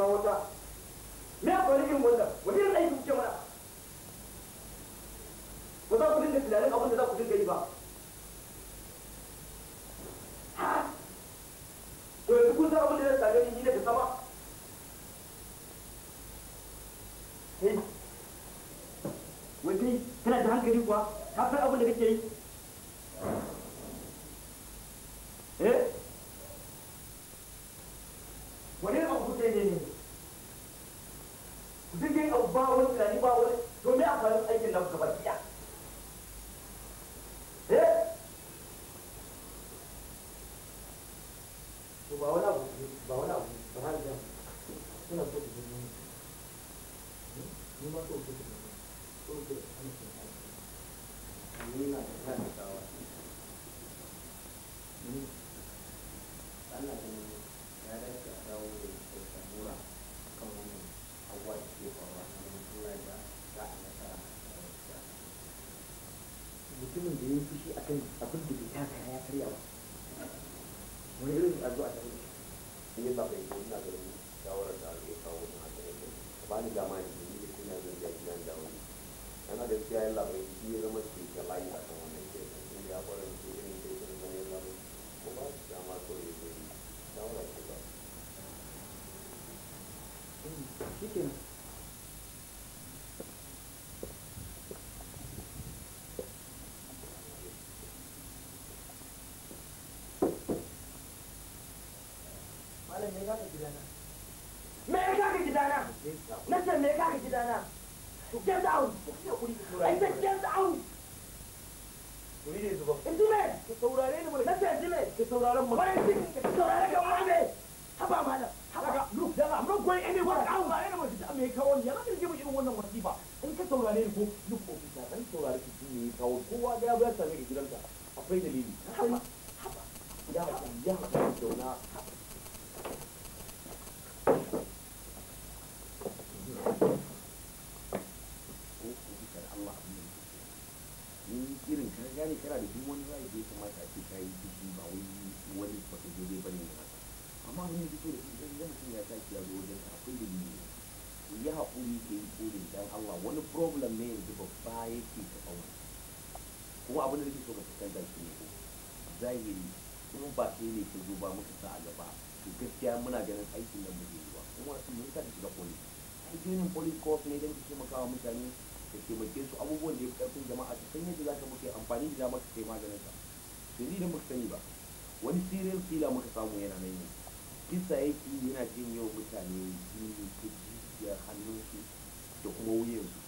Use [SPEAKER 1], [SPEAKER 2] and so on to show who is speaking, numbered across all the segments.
[SPEAKER 1] kawo ta me a kwari irin wannan wani irin aiki kuke mana ba za ku dinga tunanin abin da za ku dinga yi ba to yanzu kun san abin da zai same ni daga sama eh. wani kana da hankali kuwa ka san abin da kake yi a kan abin da bai taka karya ba wani irin a shi ne ba ganin shawarar da aka kawo na haka ba ni dama ne ne kuma yanzu ya ji nan da wani me ya kaka na ce me ya kaka gidana get out I said get out Indime ka saurare ni mana na ce indime ka saurare mu bayan saurare ka wani ne haba mana haba look dala I'm not going anywhere out ba ina mutum me kawo ni yana kirje mu irin wannan wasifa in ka saurare ni ko duk ofisa dan saurare ki ne kawo kowa da ya bayar same ka gidanka akwai dalili haba haba ya ya zauna wani ra'ayi da ya kamata a ce ka yi dubu ba wani wani baka zai bane ne haka amma wani da kyau da idan mutum ya tashi ya zo wajen ka akwai da ne ya haƙuri ke yi kodin dan Allah wani problem ne yanzu babba yake ta kawo kuma abin da nake so ka fuskanta shi ne zahiri kuma ba ke ne ke zo ba muka sa a gaba to gaskiya muna ganin aikin da muke yi ba kuma ta da shiga police ai jinin police corps ne don ka taimaka wa mutane da ke taimake su abubuwan da ya karfin jama'a ta san yadda za ka muke amfani da damar kai maganin ka sai ni da muka sani ba wani serial killer muka samu yana nan ne kisa yake yana jin yau mutane jini ta jijiyar hannunsu da kuma wuyansu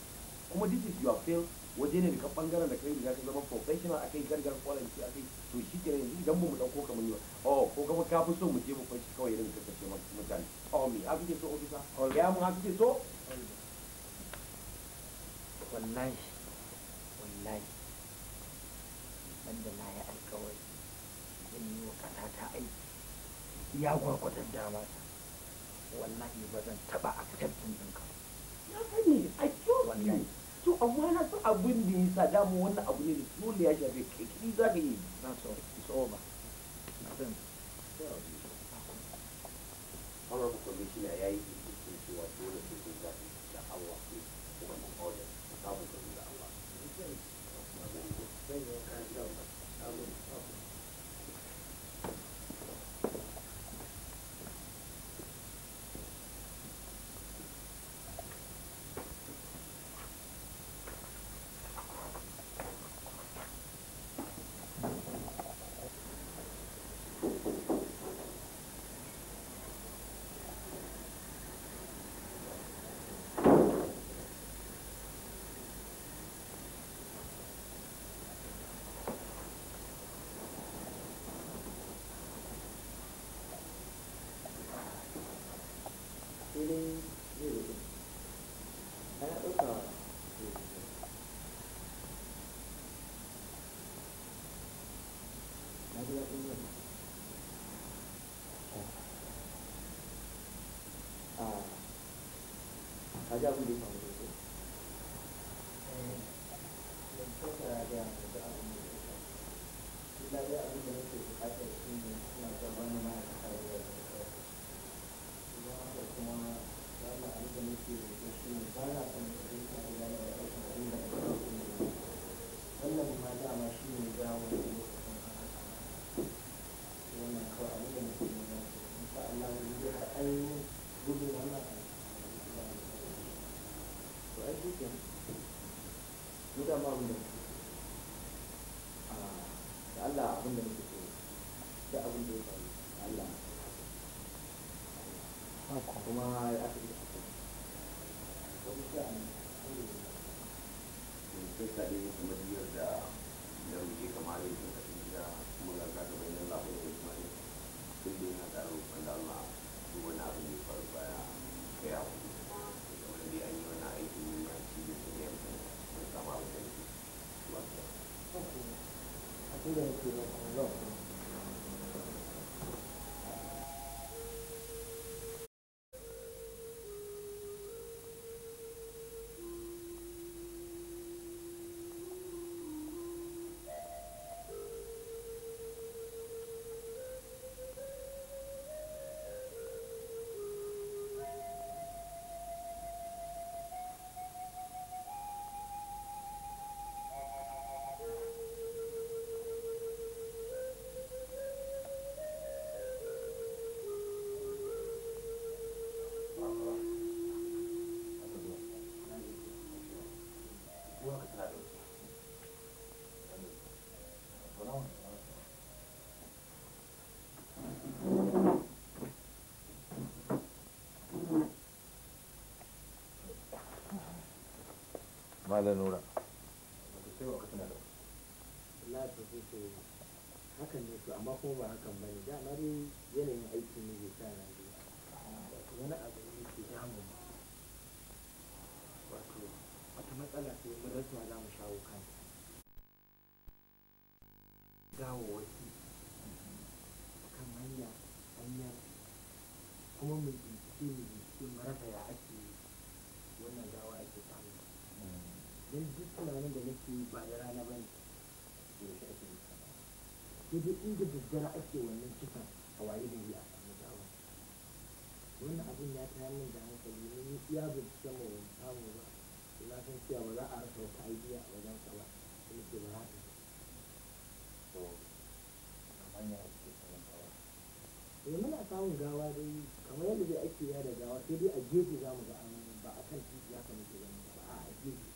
[SPEAKER 1] kuma this is your fail waje ne ka bangaren da kai riga ka zama professional a kai gargar kwalanci a kai to shi ke yanzu idan mu dauko kamar yau oh ko kuma ka fi so mu je mu fashi kawai irin ka kace mutane oh me haka ke so officer ya mu haka ke so wallahi wallahi banda na yi alkawai zan yi wa ƙasa ta aiki ya gwargwadon dama ta wallahi ba zan taɓa a fitar ɗin ka na sani a kyau to amma na san abin da ya sa damu wannan abu ne da dole ya shafe kai za ka yi
[SPEAKER 2] na so it's ba na san
[SPEAKER 1] Honorable Commissioner ya yi cewa dole sai da Allah.
[SPEAKER 2] probably that one. 大家好。
[SPEAKER 1] tare kamar da da muke kamar kuma da
[SPEAKER 3] kuma ne sun da yana tsaro kan da Allah duk abin da faru baya ka ya
[SPEAKER 2] aiki malam nura
[SPEAKER 1] hakan ne su amma kuma ba hakan ba ne da yanayin aiki ne zai sa na biyu wani abu ne ke damun wato wata matsala sai mun rasa za shawo kan dawowaki kan hanya hanyar kuma mu bincike mu bincike mu rasa ya ake wannan gawa ake samu don duk tunanin da nake yi ba da rana ba ne da yake ake yi sama inda daddara ake wannan kisan a waye da yi a samu gawa wannan abin ya ta min da hankali ne ni iya bincike mu ban samu ba na san cewa ba za a rasa wata aidiya a wajen ka ba sai nake ba haka
[SPEAKER 2] to kamar ya ake samun gawa
[SPEAKER 1] eh muna samun gawa dai kamar yadda dai ake yada gawa sai dai a gefe za mu ga ba a kan titi ya kamata ba a gefe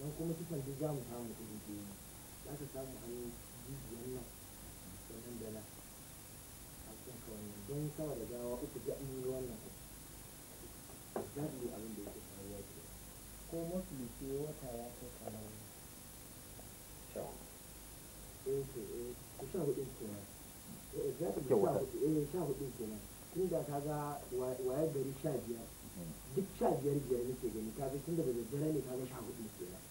[SPEAKER 1] don kuma kan duk za mu samu ke yi. za ka samu an yi jijiyar nan da nan da nan a cikin kawai don sama da gawa uku ga an yi wannan za yi abin da yake faruwa ke ko mafi ce wata
[SPEAKER 2] ya kai kamar kyau
[SPEAKER 1] eh ku eh, sha hudu kenan eh, za ku sha hudu eh sha hudu kenan tun da ka ga wayar gari sha biyar hmm. duk sha biyar biyar nake gani ka ga tun da daga dare ne ka ga sha hudu
[SPEAKER 3] nan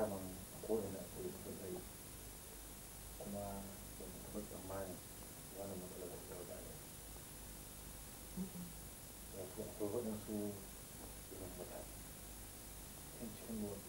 [SPEAKER 2] daman kowane na akwai kusa zai kuma da mutum tsammanin wani matsala da ta wada ne wato akwai waɗansu irin mutane cikin cikin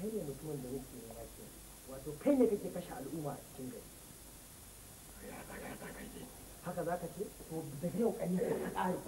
[SPEAKER 1] kai ne mutumin da nake nema ke wato kai ne kake kashe al'umma a cikin gari haka za ka ce to da yau ƙari ka ƙare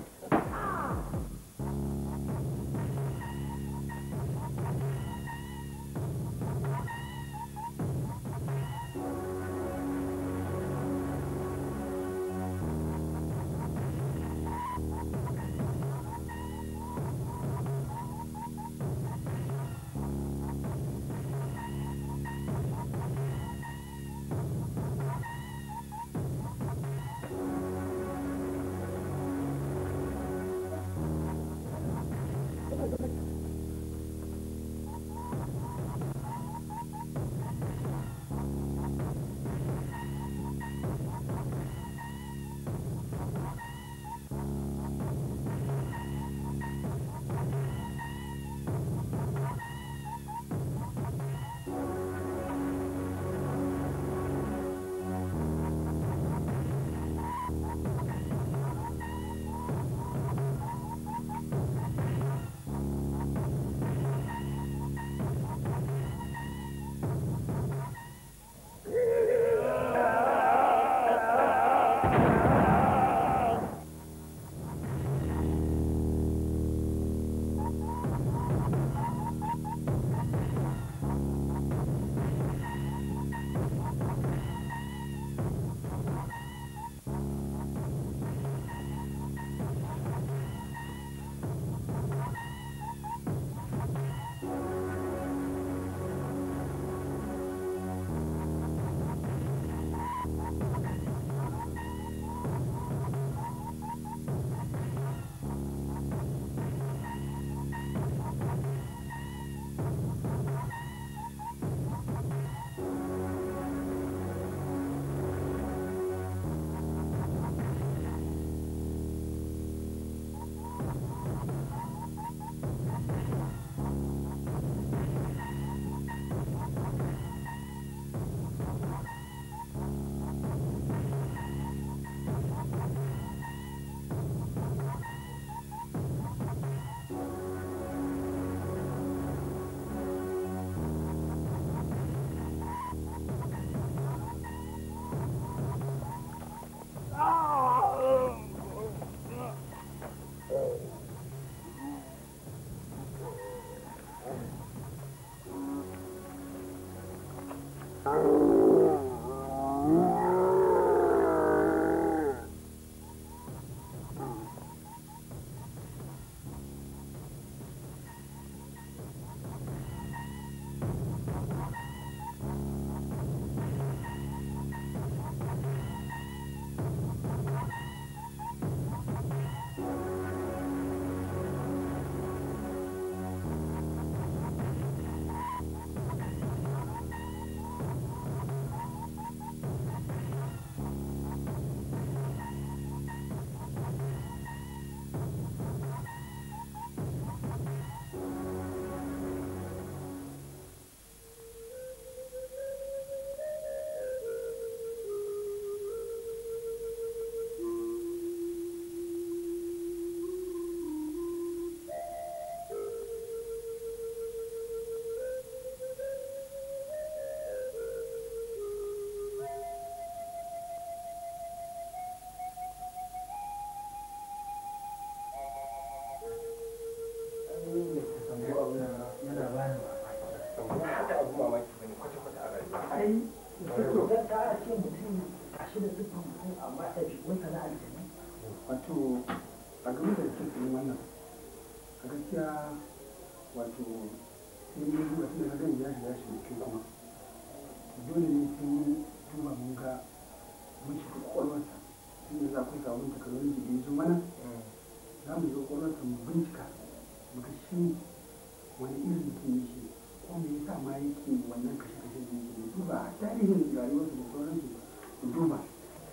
[SPEAKER 1] ba tarihin rayuwarsa da sauransu ba duba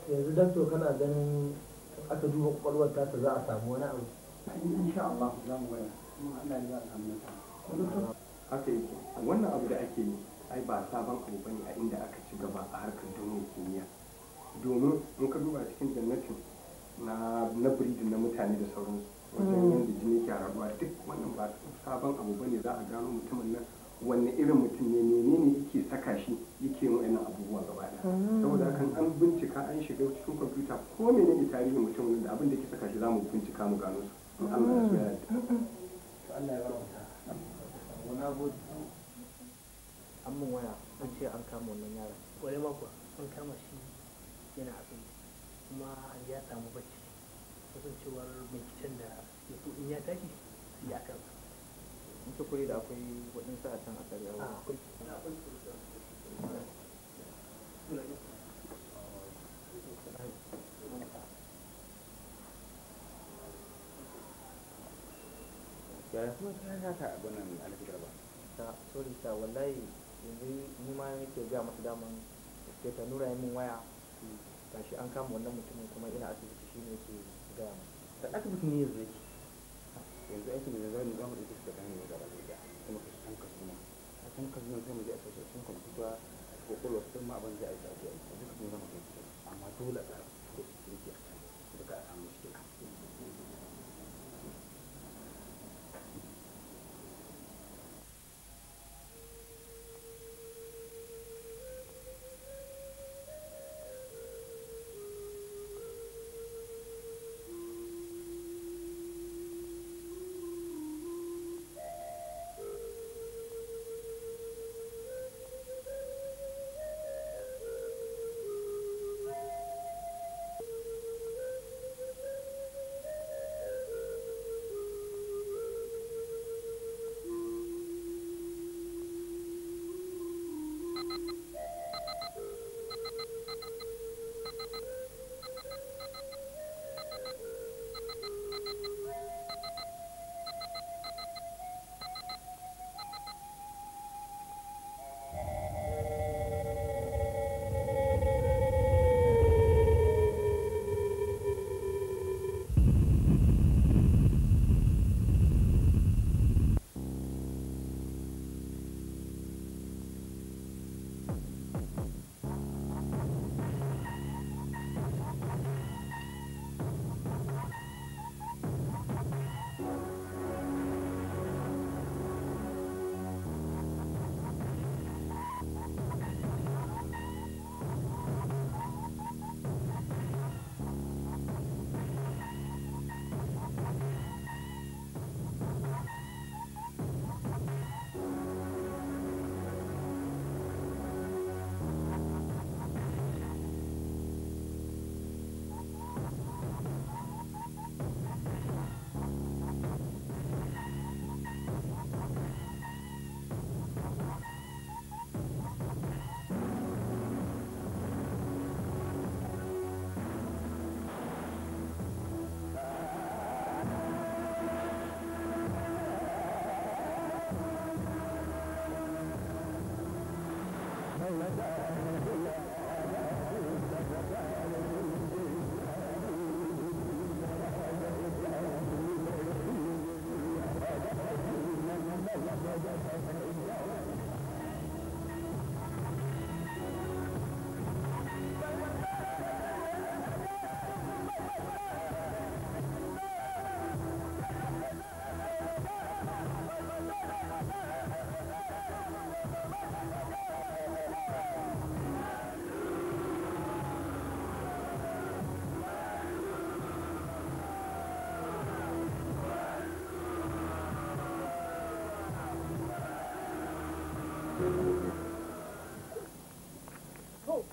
[SPEAKER 1] yanzu dakto kana ganin aka duba kwakwalwar ta za a samu wani abu in sha Allah za mu waya kuma Allah ya samu nasara haka yake wannan abu da ake yi ai ba sabon abu bane a inda aka ci gaba a harkar duniyar kimiyya domin in ka duba cikin jannatin na na na mutane da sauransu wajen hmm. yadda jini ke rabuwa duk wannan ba sabon abu bane za a gano mutumin nan wanne irin mutum ne menene yake saka shi yake yin wa'annan abubuwa gaba ah. saboda kan an bincika an shiga cikin kwamfuta ko menene tarihin mutum da abin da ke saka shi zamu bincika mu gano su Allah ya yarda ah. mm, mm. Allah ya wani an mun waya an ce an
[SPEAKER 2] kama wannan yaron
[SPEAKER 1] wani mako an kama shi yana abin kuma ya samu bacci kasancewar binciken da ya in ya tashi ya tukuri da akwai waɗansu a can a tsari ƙarya yaya kuma ta ya ta abin nan alfitar ba ta sorry ta wallahi yanzu ni ma nake ga masa daman sai ta nura min waya hmm. shi an kama wannan mutumin kuma ina asibiti shine ke gaya mu ta asibiti ne yanzu yake yanzu aikin da zai zama da kusa da hanyar gaba da kuma muka san kasuwa a san kasuwa mu je a kashe sun kwamfuta ko kwallo sun ma abin da a yi a duka sun zama kai amma dole a da kirki a samu shi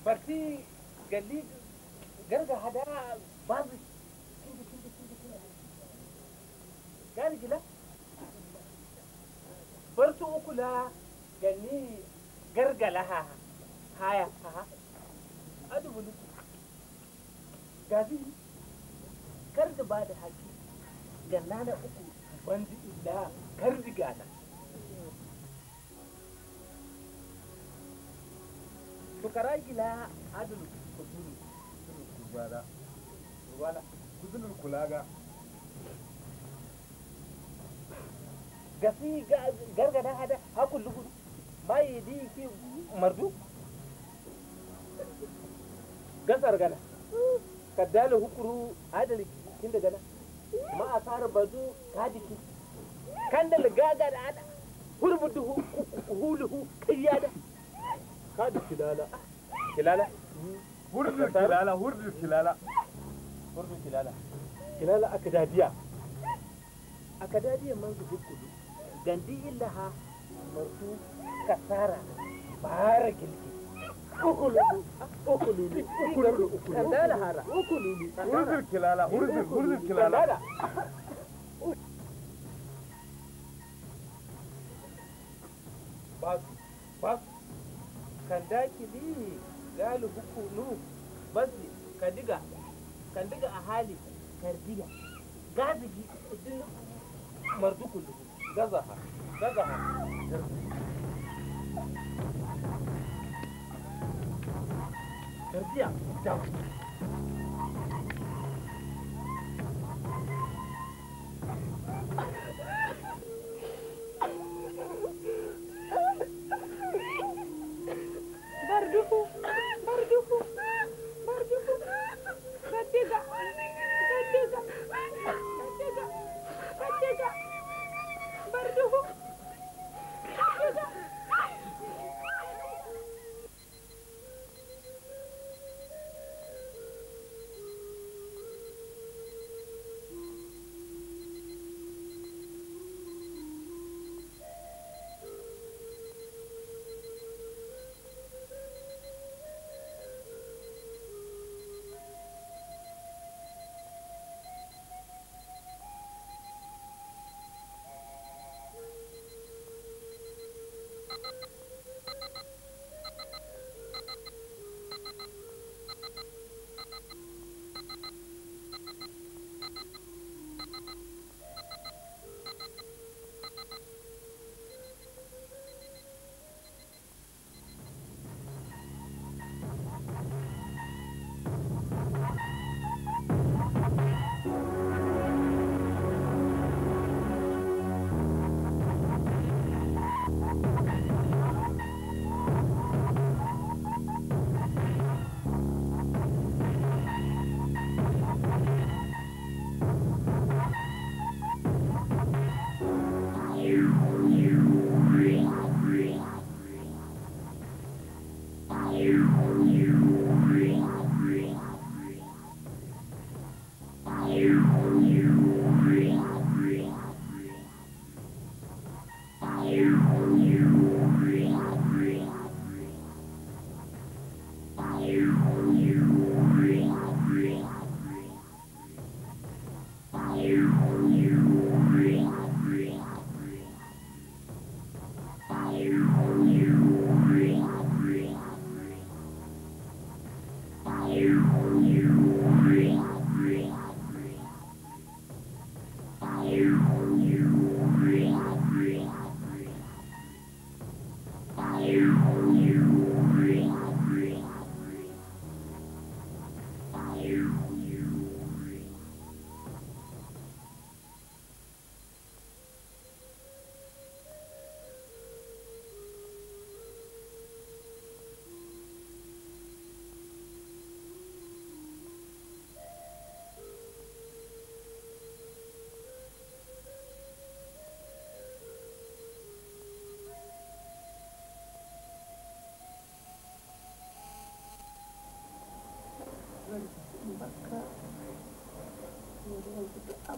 [SPEAKER 1] barci galli garga babu barci uku galli gargala ha haya ha adubulu gazi kar da ba da haki ganna na uku kula ga gasi gargada hada hakun lugu mai di ki mardu gasar gana kaddala hukuru adali kin da gana ma a fara bazu kadiki kandal gaga da ada hurbudu huluhu kiyada kadu kilala kilala hurdu kilala hurdu kilala hurdu kilala ina la aka dadiya aka dadiya man su kudu gandi ha marsu kasara bara gilgi ukululu ukululu kandaki bi galibu kunu basu kandiga kandiga a hali tarbiya gazigi din mardukul gazaha gazaha tarbiya da
[SPEAKER 3] you.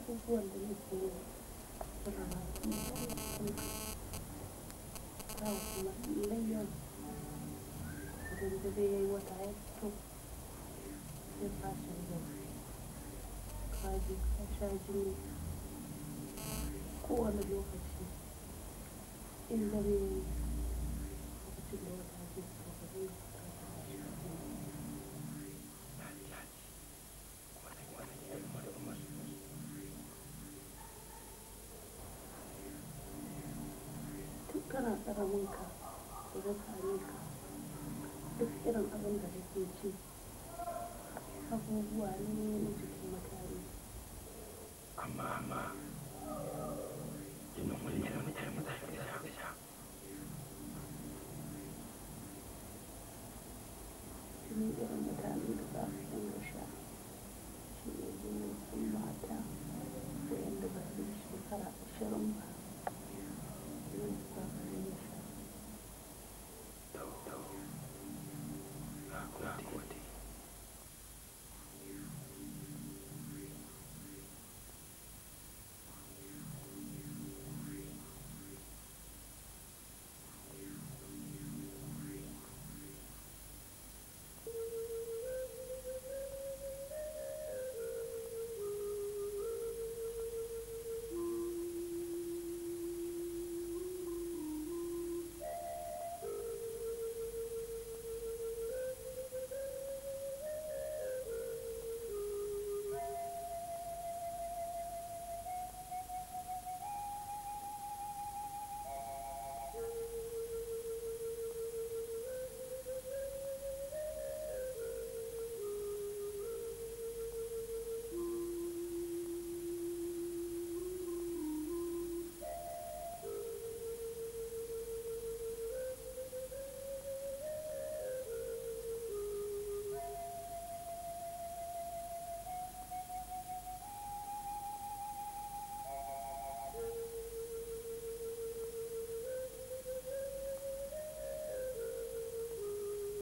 [SPEAKER 2] shajin kowane lokaci in zama raminka idan same ka duk irin abin da kake ci abubuwa ne